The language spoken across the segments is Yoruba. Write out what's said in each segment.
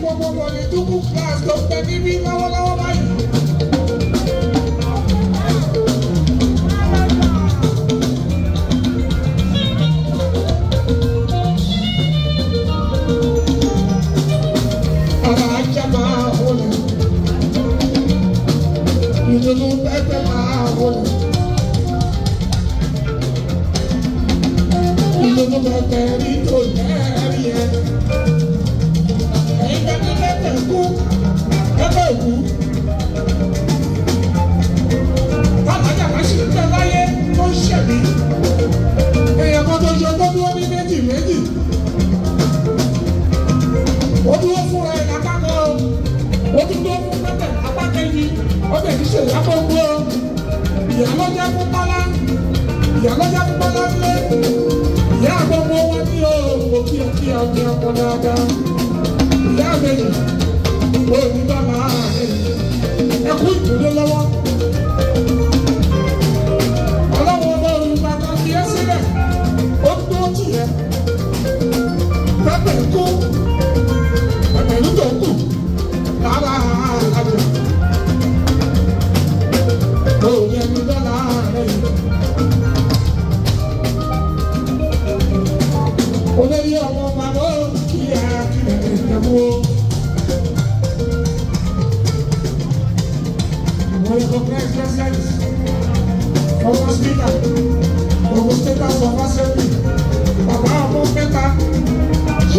gbogbo wọ̀nyí tó kú class tó ń bẹ níbí lọ́wọ́lọ́wọ́ báyìí. Thank you. gbogbo ìyá ló jẹ́ fún Bọ́lá ìyá ló jẹ́ fún Bọ́lá lé ìyá gbogbo wọn ní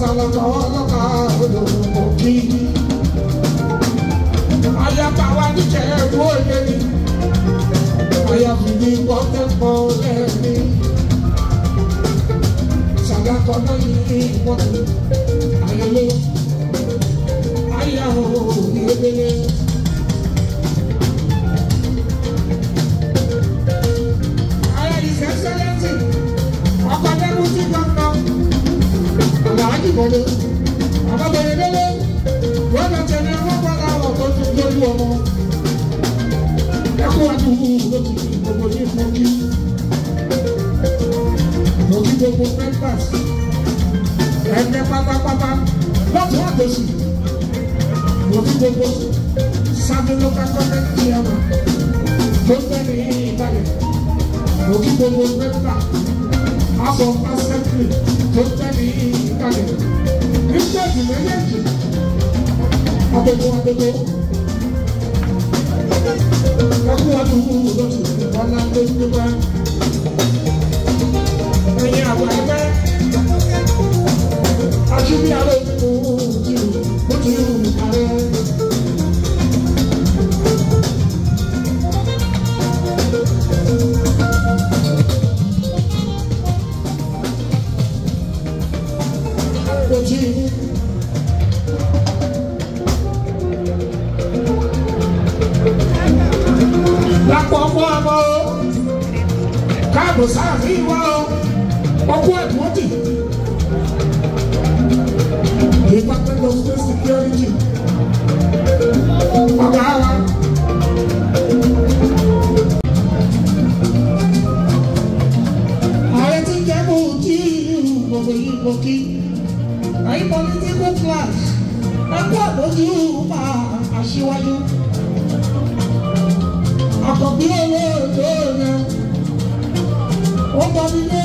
sàlọ̀tọ̀ ọlọ́kà odò òkì. Ayapa wa níjẹ̀ ẹ̀rú òye ni. Ayafi ni pọ́tẹ́pọ̀ lẹ́ẹ̀mí. Sàlọ̀tọ̀ náà yìí ní ìwọ́n tó. lókìkí gbogbo yìí fún mi mo kí gbogbo members ẹgbẹ́ pátápátá lọ́tún àtòsí mo kí gbogbo sábẹ́ local government chairman tó tẹ̀lé yìí ìbàdàn mo kí gbogbo members abọ̀ pásítẹ́tì tó tẹ̀lé yìí ìbàdàn nígbà falando do káàbọ̀ sáàfin wa o ọkọ ẹ̀dùnmọ́tì. Department of State Security ọ̀gá wa. Ààrẹ ti ń jẹ́ kó o tí gbogbo yìí kò kí. Àyè political class ẹgbẹ́ àbójú máa aṣíwájú. Àkọ́bí owó ètò yẹn ó bọ́ nílé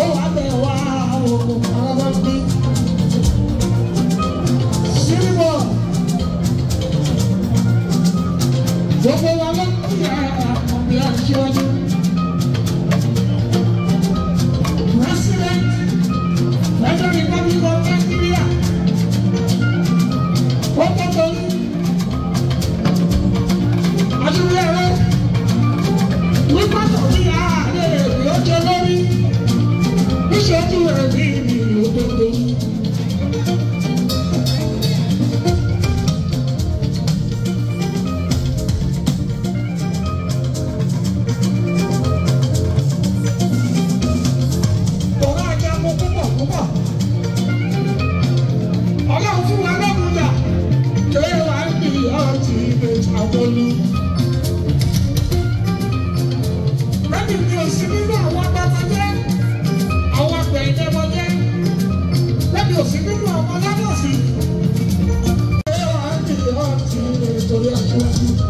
ó wà bẹ̀ wá òògùn alábọ́ bí. sílíbọ̀ gbogbo wa ló ń kí àbí aṣíwájú. 何だ